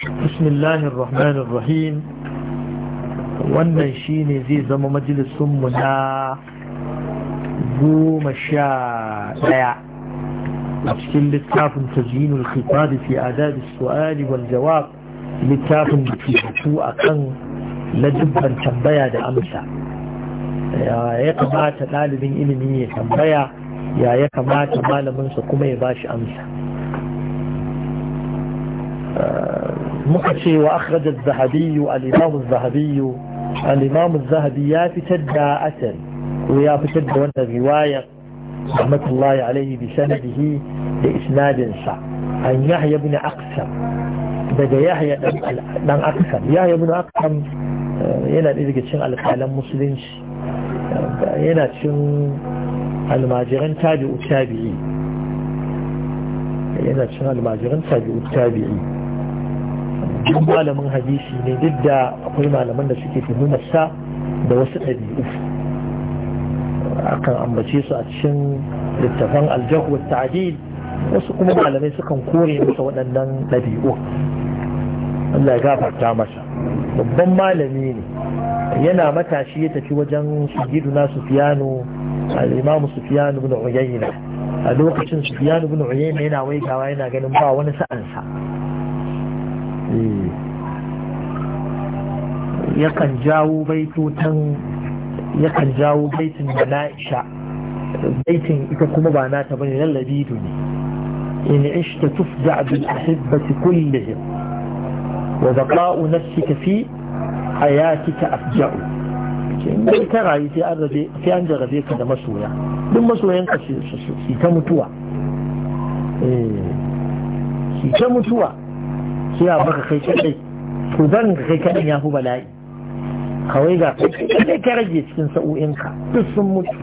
بسم الله الرحمن الرحيم wannan shi ne zai zama majalisunmu na goma sha ɗaya a cikin littafin tazinul khitabi fi adadi su'ali wal jawab littafin da ke batu a kan ladubban tambaya da amsa ya kamata ɗalibin ilimi ya tambaya ya ya kamata malaminsa kuma ya ba shi amsa muka ce wa akhrajar zahabiyu al'imamu zahabiyu al'imamu zahabi ya fitar da asal ko ya fitar da wannan riwayar rahmatullahi alaihi bi sanadihi da isnadinsa an yahya bin aksam daga yahya dan aksam yahya bin aksam eh, yana da daga cin alƙalan musulunci eh, yana cin almajiran tabi'u tabi'i yana cin almajiran tabi'u tabi'i duk malamin hadisi ne duk da akwai malaman da suke sa da wasu ɗabi'u akan ambace su a cikin littafan aljahu adi. wasu kuma malamai sukan kore masa waɗannan ɗabi'u Allah ya gafarta masa babban malami ne yana matashi ya tafi wajen na sufiyanu al'imamu sufiyanu bin uyayna a lokacin sufiyanu bin uyayna yana waigawa yana ganin ba wani sa'ansa yakan jawo baitutan yakan jawo baitin da na isha baitin ita kuma ba nata bane na labidu ne in ishta tufza bil ahibbati kullihim wa baqa'u nafsika fi hayatika afja'u in dai ta rayu sai an rabe sai an jarabe ka da masoya duk masoyan ka su ta mutuwa eh su ta mutuwa sai a baka kai kadai to zan kai kadai ya fi bala'i kawai ga kai ka rage cikin sa'o'inka duk sun mutu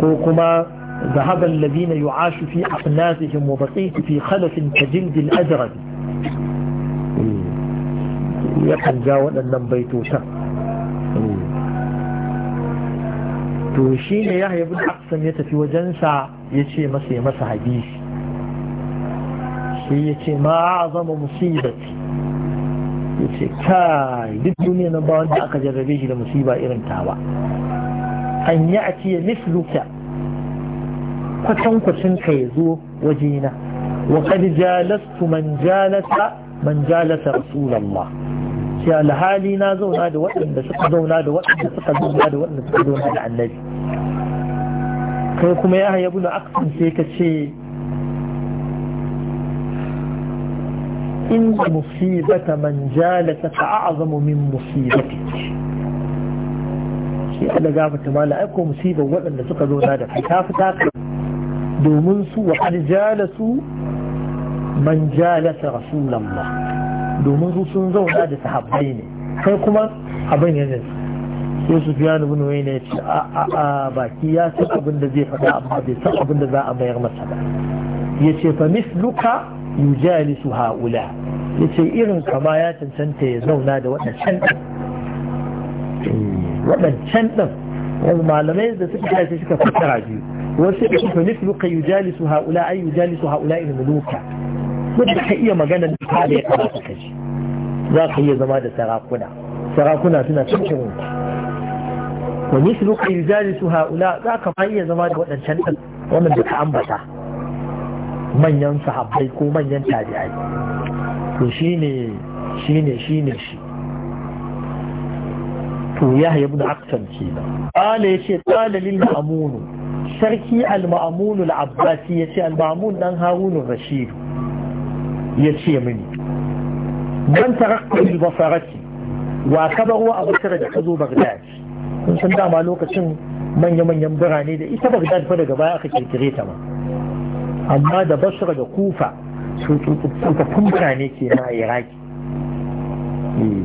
ko kuma ذهب الذين يعاش في أقناتهم وبقيت في خلف كجلد الأزرد yakan ja waɗannan baitotan to shi ne ya haibu da ya tafi wajen sa ya ce masa ya masa hadisi sai ya ce ma a zama musibati ya ce kai duk duniya nan ba wanda aka jarrabe shi da musiba irin ba an yi a ce kwatan kwatankwacin ka ya zo wajena wa kad jalastu man jalasa man jalasa rasulullah sai alhali na zauna da waɗanda suka zauna da waɗanda suka zauna da waɗanda suka zauna da annabi kai kuma ya haya bin aksan sai ka ce إن مصيبة a جالسك أعظم من مصيبتك shi Allah gafata mala aiko musibar waɗanda suka zo na da fi taka domin su wa arjala su man jalasa rasulullah domin su sun zauna da sahabbai ne kai kuma abin yana Yusuf su biya ibn wayna ya ce a a baki ya san abin da zai faɗa amma bai san abin da za a mayar masa ba Ya ce fa luka يجالس هؤلاء لكي إذن كبايات سنتي يزونا دا وانا شنئ وانا شنئ وما لم يزد سبحا يسيشك فترع جيو وسبحك نسبق يجالس هؤلاء أي يجالس هؤلاء الملوكة وبحقية ما قانا نفعل يتعافك جي ذاك هي زمادة سراقنا سراقنا سنة سنشرون ونسبق يجالس هؤلاء ذاك ما هي زمادة وانا شنئ ومن بك عمبتا manyan sahabbai ko manyan tabi'ai to shine shine shine shi to yahya ibn aksan ba. ala yace qala lil ma'mun sarki al ma'mun al abbasi yace al ma'mun dan harun rashid yace mini man tarakta bil basarati wa kabaru abu sirra da kazo bagdad kun san dama lokacin manya-manyan birane da ita bagdad fa daga baya aka kirkire ta ma amma da basra da kufa su tsofaffin birane ke na a iraki eh,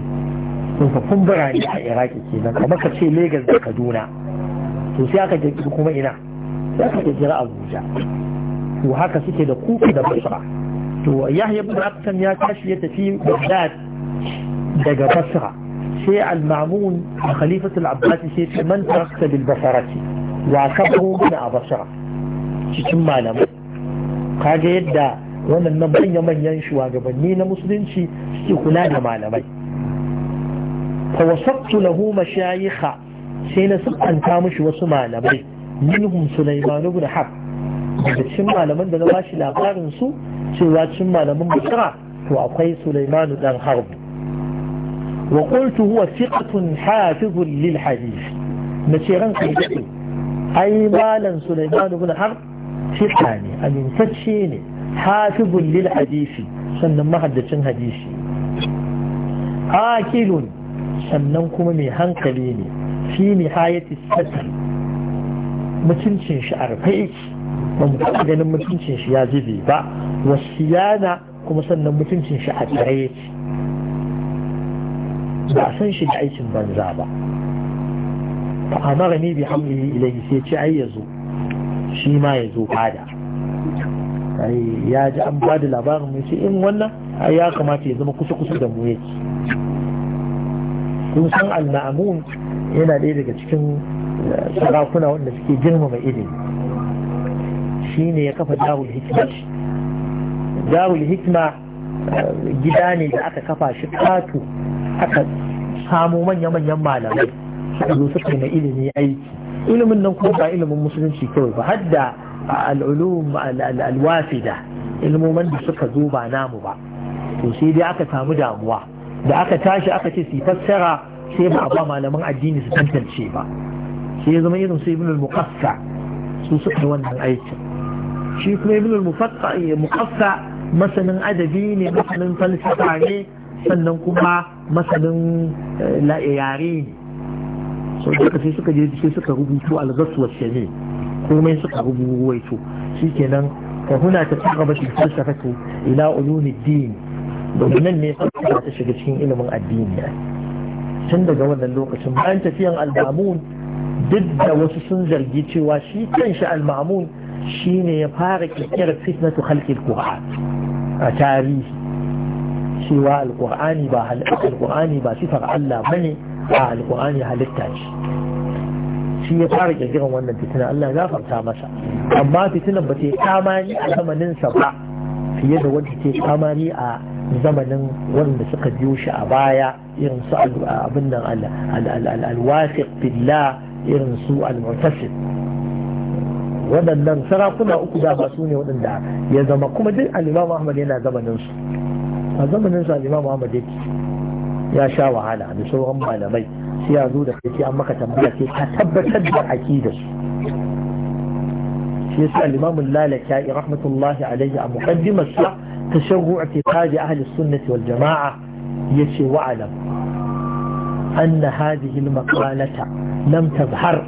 tsofaffin birane a iraki ke nan kamar ka ce Legas da kaduna to sai aka jirgi kuma ina sai aka jirgi abuja to haka suke da kufa da basra to yahya ibn aktam ya tashi ya tafi bagdad daga basra sai al-ma'mun khalifatul abbasi sai ta man tarakta basarati wa kabru min a basra cikin malamai Ka ga yadda wannan manya-manyan shugabanni na musulunci suke kula da malamai fawasattu lahu mashayikha sai na sabanta mushi wasu malamai minhum sulaiman ibn hab da cin malaman da na bashi shi labarin su cewa cin malaman bukira to akwai sulaiman ɗan harb wa qultu huwa thiqatun hafiz lil hadith na ce ran kai dai ai Malam sulaiman ibn harb siha ne amintacce ne hafizun lil hadisi sannan mahaddacin hadisi akilun sannan kuma mai hankali ne fi nihayati satr mutuncin shi a rufe ba ganin mutuncin shi ya zube ba wasiyana kuma sannan mutuncin shi a tsare ba a san shi da aikin banza ba fa amara ni bi hamlihi ilayhi sai ce ai shi ma ya zo fada ya ji an ba da labarin mai shi in wannan ya kamata ya zama kusa-kusa da mu yake kun san al yana ɗaya daga cikin eh, sarakuna wanda suke girmama ilimi shi ne ya kafa darul hikima darul hikima eh, gida ne da aka kafa shi kato aka samu manya-manyan malamai suka zo suka na ilimi aiki ilimin nan kuma ba ilimin musulunci kawai ba hadda al'ulum alwafida ilmomin da suka zo ba namu ba to sai dai aka samu damuwa da aka tashi aka ce su fassara sai ba a ba malaman addini su tantance ba sai zama irin su ibn al-muqaffa su suka yi wannan aikin shi kuma ibn al-muqaffa masanin adabi ne masanin falsafa ne sannan kuma masanin eh, yare ne sau da sai suka je sai suka rubutu al-ghaswa shami komai suka rubuto shikenan ka huna ta tsaraba shi falsafatu ila ulumi din domin nan ne falsafa ta shiga cikin ilimin addini tun daga wannan lokacin bayan tafiyan al-mamun duk da wasu sun zargi cewa shi kanshi al-mamun shine ya fara kirkirar fitnatu khalqil qur'an a tarihi cewa al-qur'ani ba al-qur'ani ba sifar Allah bane a alƙur'ani halitta ce shi ya fara kirkiran wannan fitina Allah ya gafarta masa amma fitinan ba ta kamani a zamaninsa ba fiye da wanda ke kamani a zamanin wanda suka biyo shi a baya irin su abin nan alwafiq billah irin su almutasil waɗannan sarakuna uku da ba su ne waɗanda ya zama kuma duk al'imam Ahmad yana zamaninsu. a zamaninsu su al'imam Ahmad yake ya sha wahala da sauran malamai sai ya zo da kai an maka tambaya sai ka tabbatar da aqida su shi yasa al-imam al-lalaka'i rahmatullahi alayhi a muqaddimar sa tashawwu' i'tiqadi ahli sunnah wal jama'a yace wa'alam anna hadhihi al-maqalata lam tazhar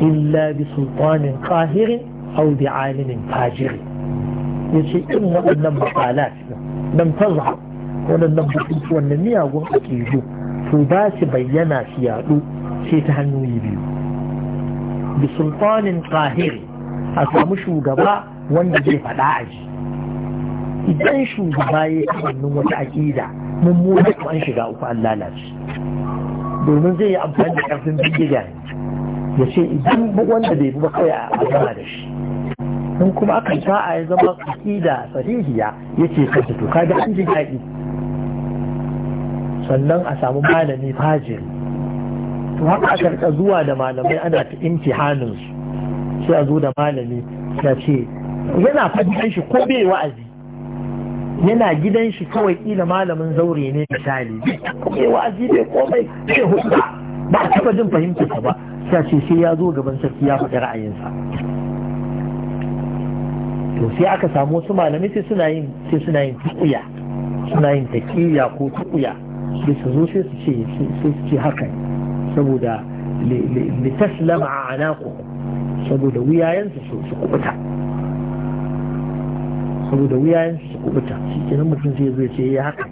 illa bi sultanin qahir aw bi alimin fajir yace in waɗannan maqalat lam tazhar waɗannan bukukuwan na miyagun aƙidu su ba su bayyana su yaɗu sai ta hanyoyi biyu bi sultanin qahiri a samu shugaba wanda zai faɗa a ji idan shugaba ya yi kamannin wata aƙida mummuna ko an shiga uku an lalace domin zai yi amfani da ƙarfin bindiga ya ce idan wanda bai bi ba kawai a zama da shi in kuma aka sa'a ya zama aƙida sahihiya ya ce kanta to kaga an ji daɗi sannan a samu malami fajir to haka aka rika zuwa da malamai ana ta imtihanin su sai a zo da malami ya ce yana fadikan shi ko bai wa'azi yana gidan shi kawai kila malamin zaure ne misali bai wa'azi bai komai bai hudu ba a taba jin fahimtarsa ba sai ce sai ya zo gaban sarki ya faɗi ra'ayinsa to sai aka samu wasu malamai sai suna yin sai suna yin tukuya suna yin takiya ko tukuya sai su zo sai su ce sai su ce haka saboda litaslama a anaku saboda wuyayensu su kubuta saboda wuyayensu su kubuta shi kenan mutum sai zai ce ya eh, haka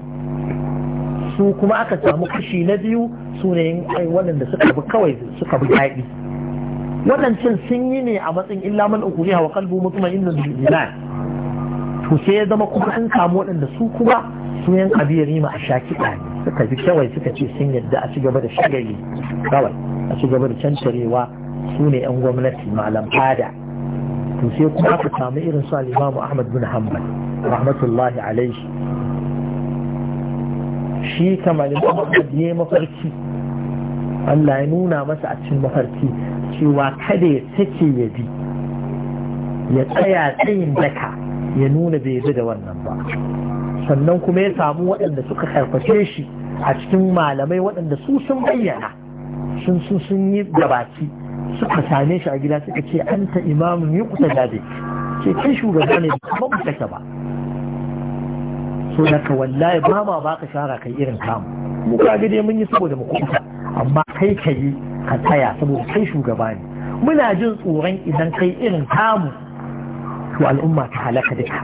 su kuma aka samu kashi na biyu su ne waɗanda suka bi kawai suka bi daɗi waɗancan sun yi ne a matsayin illaman ukuriya wa kalbu mutuma inna billah to sai ya zama kuma an samu waɗanda su kuma su yan kabiyar yi ma a sha kiɗa ne suka bi kawai suka ce sun yadda a cigaba da shagali kawai a cigaba da cancarewa su ne 'yan gwamnati malam fada to sai kuma aka samu irin su al'imamu ahmad bin hanbal rahmatullahi alaihi shi kamar ahmad ne mafarki Allah ya nuna masa a cikin mafarki cewa kada ya sake ya bi ya tsaya tsayin daka ya nuna bai da wannan ba sannan kuma ya samu waɗanda suka karfafe shi a cikin malamai waɗanda su sun bayyana sun sun sun yi gabaki suka same shi a gida suka ce an ta imamun yi kusa dabe ce kai shugaba ne ba mu kake ba so daga wallahi ba ma ba ka shara kai irin kamu mu ga mun yi saboda mu kuka amma kai ka yi ka saboda kai shugaba ne muna jin tsoron idan kai irin kamu to al'umma ta halaka duka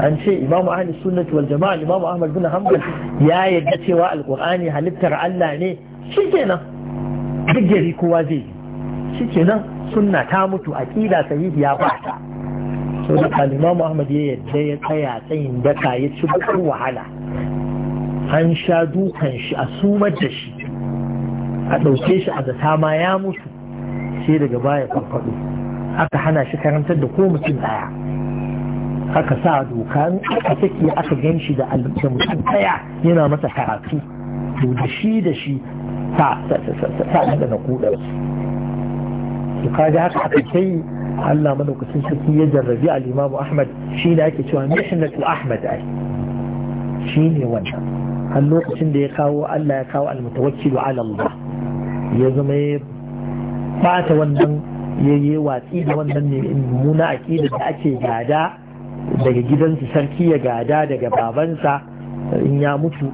an ce Imam ahli sunnati wal jama'a imamu ahmad bin hanbal ya yadda cewa alqur'ani halittar Allah ne shikenan duk gari kowa zai yi shikenan sunna ta mutu aqida ya ba ta so da imamu ahmad ya yadda ya tsaya tsayin daka ya ci bakar wahala an sha dukan shi a sumar da shi a ɗauke shi a zata ma ya mutu sai daga baya farfaɗo aka hana shi karantar da ko mutum ɗaya aka sa doka in aka sake aka gan shi da mutum daya yana masa karatu to da shi da shi sa da na kudar su kaga haka aka kai Allah madaukakin sarki ya jarrabi al-Imam Ahmad shi ne ake cewa mihnatu Ahmad ai shi ne wannan har lokacin da ya kawo Allah ya kawo al-mutawakkil ala Allah ya zama ya bata wannan ya yi watsi da wannan ne mummuna aqida da ake gada daga gidansu sarki ya gada daga babansa in ya mutu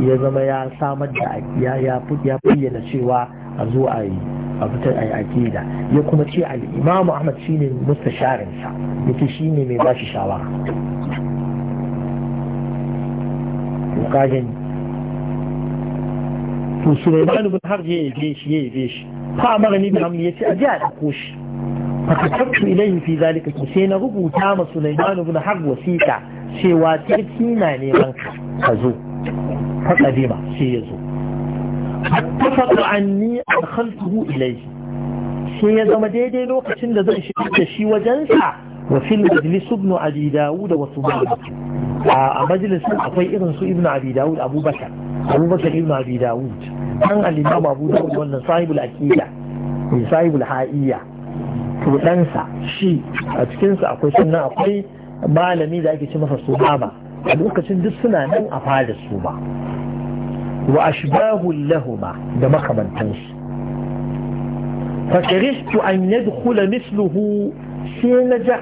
ya zama ya samar da ya bayyana cewa a zo a yi a fitar a akida ya kuma ce al'imamu ahmad shine mustasharinsa yake ne mai bashi shi shawara kagani to suleiman ibn harb ya yabe shi ya yabe shi fa amara ni bi amri ya ce a ɗauko shi fatattu ilayhi fi zalika ki sai na rubuta ma sulaiman ibn harb wasiqa cewa sarki na ne ban ka zo fa qadima sai ya zo fatattu anni adkhaltuhu ilayhi sai ya zama daidai lokacin da zan shiga da shi wajensa wa fil majlis ibn abi daud wa subhanahu a majalisun akwai irin su ibn abi daud abubakar abubakar ibn abi daud kan al-imam abu daud wannan sahibul aqida sahibul ha'iyya to shi a cikinsa akwai sannan akwai malami da ake ce masa ba a lokacin duk suna nan a fada su ba wa ashbahu lahuma da makamantansu fakiristu an yadkhula misluhu sai na ja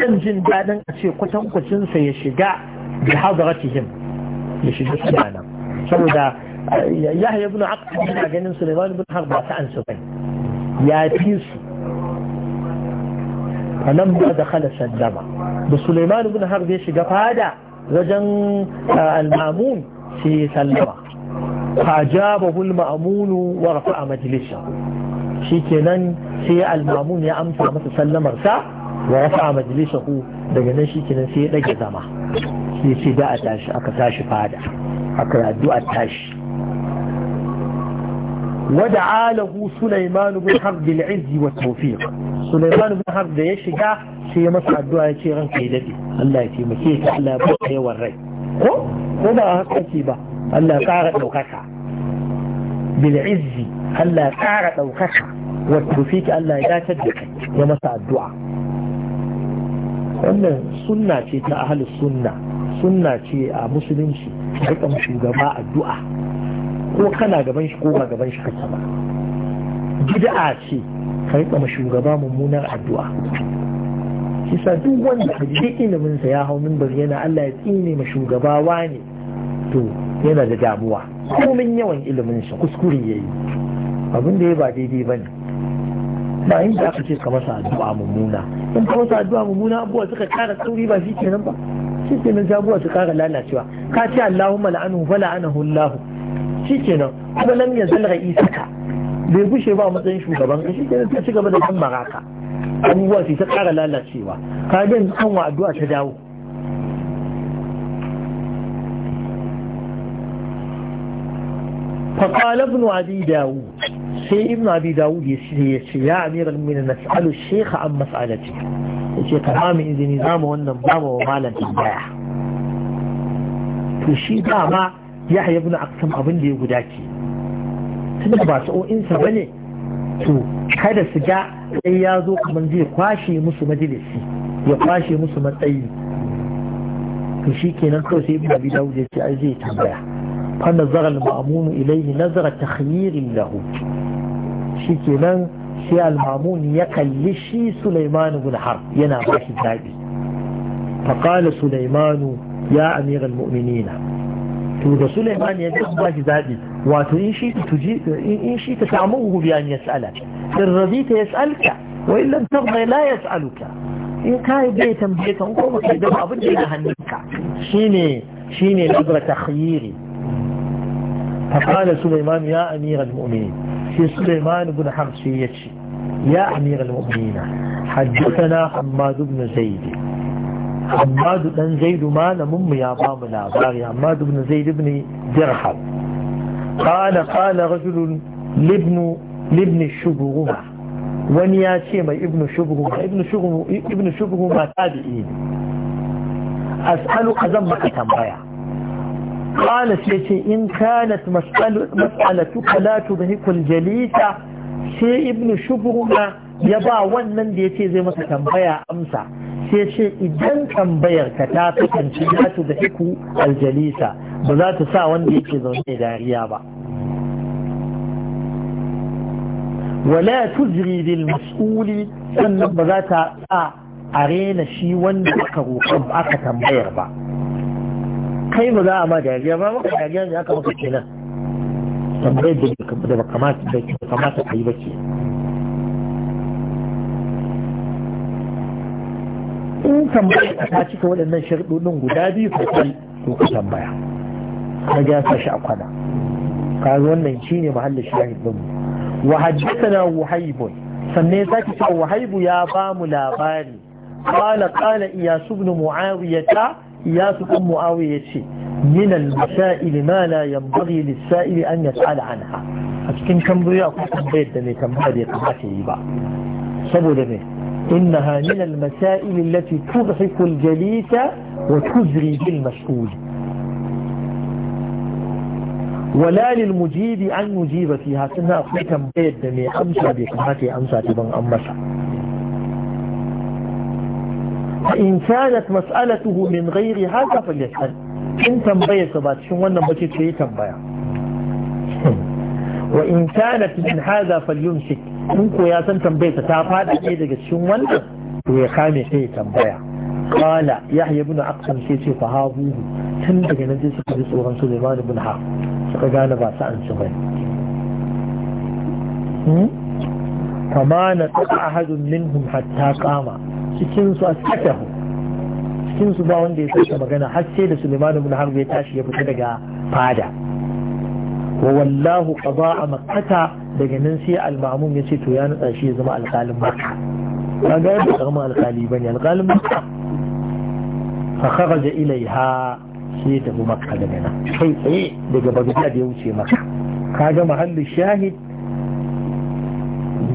dan jin daɗin a ce kwatankwacinsa ya shiga da hadaratihim ya shiga suna nan saboda eh, yahya ibn aqab yana ganin suleiman ibn harba ta an su ya fi su anan ba da khala sallama da Sulaiman ibn Harb ya shiga fada wajen al-Mamun sai sallama fajabahu al-Mamun wa rafa'a majlisa shikenan sai al-Mamun ya amsa masa sallamar sa wa rafa'a majlisahu daga nan shikenan sai ya dage zama sai sai da a tashi aka tashi fada aka addu'a tashi ودعاله سليمان ya حرب العز ya سليمان بن حرب ده يشجع شيء مسعى الدعاء شيء غن كيدتي الله يتيمكيك على بقية والرأي ko ko ba haka ce ba Allah kara ɗaukaka bil izzi Allah kara ɗaukaka wa tufiki Allah ya dace da kai ya masa addu'a wannan sunna ce ta ahlus sunna sunna ce a musulunci rika shugaba addu'a ko kana gaban shi ko ba gaban shi kake ba bid'a ce ka riƙa ma shugaba mummunar addu'a kisa duk wanda a ji ilimin sa ya hau min bari yana Allah ya tsine ma shugaba wane to yana da damuwa komin yawan ilimin sa kuskure yayi abin da ya ba daidai bane ba da aka ce ka masa addu'a mummuna in ka masa addu'a mummuna abuwa suka kara sauri ba shi kenan ba shi kenan sai abuwa su kara lalacewa ka ce Allahumma la'anhu fa la'anahu Allah shi kenan kuma lam ya zalga isa ka bai gushe ba matsayin shugaban ka shi kenan ta ci gaba da kan baraka abubuwa sai ta kara lalacewa ka ga an wa addu'a ta dawo faƙalar ibn abi dawo sai ibn abi dawo ya ce ya ce ya amira mina na sa'alu shekha an masalaci ya ce ka ba mu izini za mu wannan ba mu malam tambaya to shi dama ma yahya ibn aqsam abin da ya guda ke tunda ba sa'o'insa bane to kada su ga sai ya zo kamar zai kwashe musu majalisi ya kwashe musu matsayi to shi kenan kawai sai ibn abi dawud ya ce ai zai tambaya fa nazara al-ma'mun ilayhi nazara takhyirin lahu shi kenan sai al-ma'mun ya kalli shi sulaiman ibn har yana ba shi zabi فقال ya يا أمير muminina. to da Sulaiman ya ga ba shi zabi wato in shi tuji in shi ta ta'amuhu bi an yas'ala in ya yas'alka wa in lam taghdha la yas'aluka in kai bai tambaye ka ko ba kai da abin da yake hannunka shine shine nazra takhyiri فقال سليمان يا أمير المؤمنين في سليمان بن حمص يا أمير المؤمنين حدثنا حماد بن زيد hamadu dan zaidu malamin mu ya ba mu labari hamadu ibn zaid ibn dirham qala qala rajul libn libn shubruma wani ya ce mai ibn shubruma ibn shubruma ibn shubruma tabi'i as'aluka zan maka tambaya ce in إن كانت مسألة مسألتك لا تبهك sai شيء ابن شبهنا يبا ونن دي يتي zai مسا tambaya amsa. sai ce idan tambayar ka ta kasance za ta da iku aljalisa ba za ta sa wanda yake zaune dariya ba wala tujri lil mas'uli sannan ba za ta sa a rena shi wanda aka ba aka tambayar ba kai ba za a ma dariya ba maka dariya ne aka maka kenan tambayar da ba kamata ka yi ba ke in tambaya ta cika waɗannan sharɗoɗin guda biyu ka kai ka tambaya na ja shi a kwana ka wannan shi ne mahallin shahid ɗin wa haddathana wahaibun sannan ya sake cewa wahaibu ya ba mu labari qala kala iyas ibn muawiyata iyas ibn muawiya ce min al-masail ma la yanbaghi lis-sa'il an yas'ala anha a cikin tambayoyi akwai tambayar da mai tambaya bai kamata yi ba saboda ne إنها من المسائل التي تضحك الجليس وتزري بالمسؤول ولا للمجيب عن مجيب فيها سنة أخي تنبيد دمي أمسى بقمتي أمسى تبن أمسى فإن كانت مسألته من غير هذا فليسأل إن تنبيه سبات شو أنا بشي تنبيه وإن كانت من هذا فليمسك kun ko ya san tambayarsa ta faɗi ɗaya daga cikin wannan to ya kame sai ya tambaya qala yahya ibn aqsam sai ce fa hahu tun daga nan sai suka ji tsoron Sulaiman ibn Ha suka gane ba su an ci bane kama hmm? na tsaka ahadun minhum hatta kama cikin su asakahu cikin su ba wanda ya saka magana har sai da Sulaiman ibn Harb ya tashi ya fita daga fada wa wallahu qada'a makkata daga nan sai al ya ce to ya nutsa shi ya zama alƙalin ba ga yadda karamin alƙali ba ne alƙalin ba ka kaka ga ilaiha sai tafi makka daga nan kai tsaye daga bagdad da ya wuce maka ka ga mahallu shahid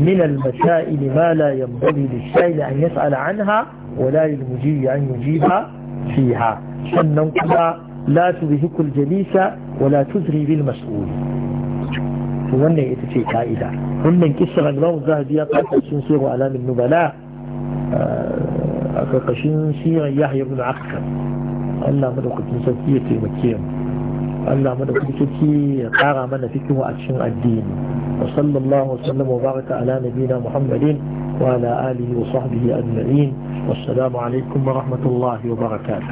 min al-masa'il ma la yanbaghi lish-shahid an yas'ala anha wa la yujibu an yujiba fiha sannan kuma la tuzhiku al-jalisa wa la tuzri bil mas'ul to wannan ita ce ka'ida wannan kisar al-imam zahabi ya kawo cikin sirru alamin nubala a karkashin sirar yahya ibn akhtar Allah madaukakin sarki ya taimake mu Allah madaukakin sarki ya kara mana fikihu a cikin addini wa sallallahu wasallam wa baraka ala nabina muhammadin wa ala alihi wa sahbihi ajma'in wassalamu alaikum wa rahmatullahi wa barakatuh